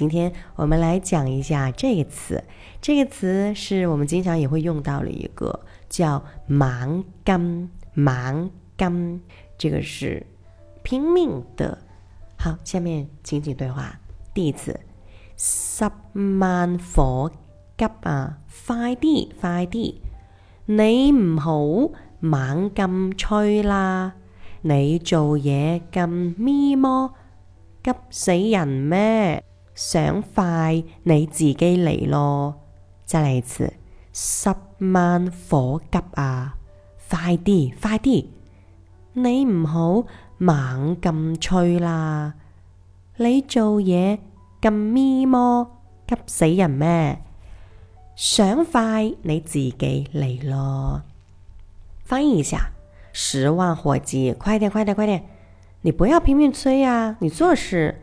今天我們來講一下這個詞。這個詞是我們經常也會用到的一個，叫“猛咁猛咁”。這個是拼命的。好，下面情景對話。第一次，十萬火急啊！快、啊、啲，快啲！你唔好猛咁催啦，你做嘢咁咪摸、哦、急死人咩？想快你自己嚟咯，再來一次，十萬火急啊！快啲快啲，你唔好猛咁催啦，你做嘢咁咪摸急死人咩？想快你自己嚟咯，翻譯一下，十萬火急，快點快點快點，你不要拼命催呀，你做事。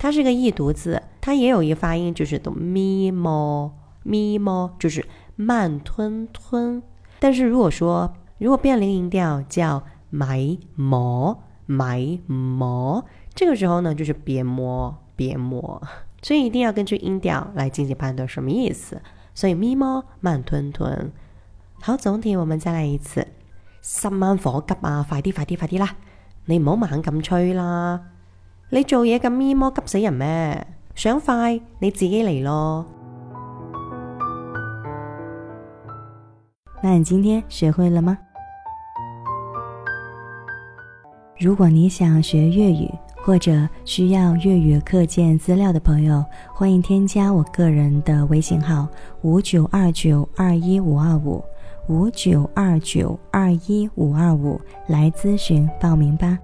它是個易讀字，它也有一個發音，就是讀“咪摸咪摸”，就是慢吞吞。但是如果說，如果變零音調，叫“埋摸埋摸”，這個時候呢，就是別摸別摸。所以一定要根據音調來進行判斷什麼意思。所以“咪摸”慢吞吞。好，總體我們再來一次。十萬火急啊，快啲快啲快啲啦！你唔好猛咁催啦。你做嘢咁咪摸，急死人咩？想快你自己嚟咯。那你今天學會了嗎？如果你想學粵語或者需要粵語課件資料的朋友，歡迎添加我個人的微信號五九二九二一五二五五九二九二一五二五來諮詢報名吧。